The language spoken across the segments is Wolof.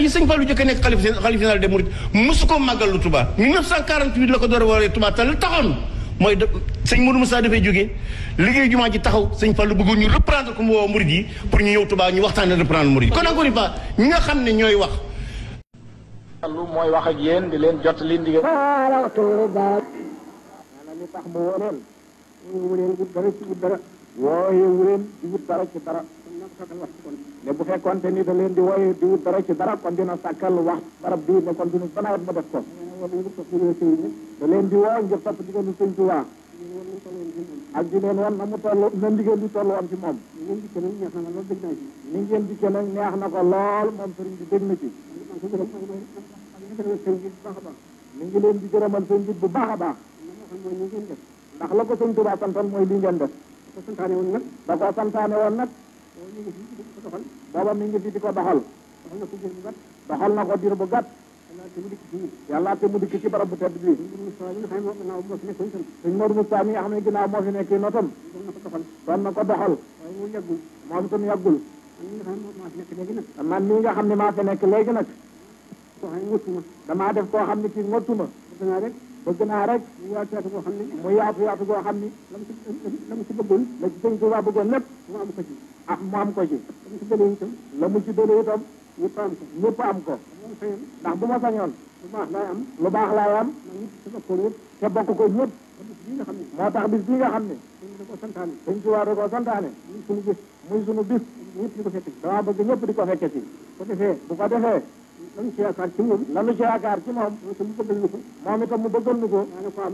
yi sëñ Fallou jëkk nekk xalif xalif général des Mourides mosu ko màggalu Touba 1948 la ko door a waree Touba te li taxoon mooy de sëñ Modou Moussa dafay jógee liggéey jumaa ji taxaw sëñ Fallou bëggoon ñu reprendre ko mu woo Mouride yi pour ñu ñëw Touba ñu reprendre Mouride kon encore fois ñi nga wax. wax ak di leen jot li Touba. tax dara ci dara ci dara. ne bu fekkoon te ni da leen di woy di wut dara ci dara kon dina sàkkal wax barab di ne kon dina ba nawet ma def ko da leen di woo ngir topp digalu sëñ Tuubaa ak di leen woon na mu toll na ndigal lu toll woon ci moom ni ngeen dikkee nag neex na ko lool moom sëriñ bi dégg na ci ni ngi leen di gërëmal sëñ bi bu baax a baax ndax la ko sëñ Tuubaa santoon mooy li ngeen def da koo santaane woon nag booba mi ngi fi di ko doxal doxal na ko diir bu gàtt yàlla te mu dikk ci barab bu tedd bi suñ Modou Moustapha mi nga xam ne ginnaaw moo fi nekk notam doon na ko doxal moom itam yàggul man mii nga xam ne maa fi nekk léegi nag damaa def koo xam ne kii ngottuma rek bëgg naa rek mu yaatu yaatu boo xam ne mu yaatu yaatu boo xam ne lam ci lam ci bëggul la ci sëñ Tuubaa bëggoon lépp mu am ko ci ah mu am ko ci lam ci bële itam la mu ci bële itam ñëpp am ko ñëpp am ko ndax bu ma sañoon lu baax laay am lu baax laay am na ñëpp si ko ñëpp te bokk ko ñëpp bis bii nga xam ne moo tax bis bii nga xam ne sëñ da ko santaane sëñ Tuubaa da ko santaane muy sunu bis muy sunu bis ñëpp di ko fekk si damaa bëgg ñëpp di ko fekke si bu ko defee bu ko defee lan ci yaakaar ci moom lan ci yaakaar ci moom moom itam mu bëggal ñu ko moom itam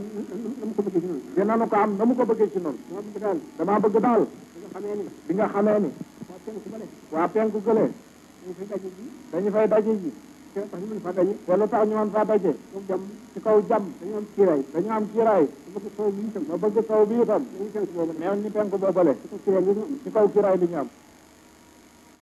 mu bëggal ñu ko naa na ko am na mu ko bëggee ci noonu dina na ko am na mu ko bëggee ci noonu dama bëgg daal dama bëgg daal bi nga xamee ni bi nga xamee ni waa penku gële waa penku gële dañu fay daje ji dañu fay daje ji te tax ñu mën faa daje wala tax ñu mën faa daje jàmm ci kaw jàmm dañu am kiiraay dañu am kiiraay ma bëgg taw bi itam ma bëgg taw bi itam dañu penku boobu mel ni penku boobale ci kaw kiiraay li ñu am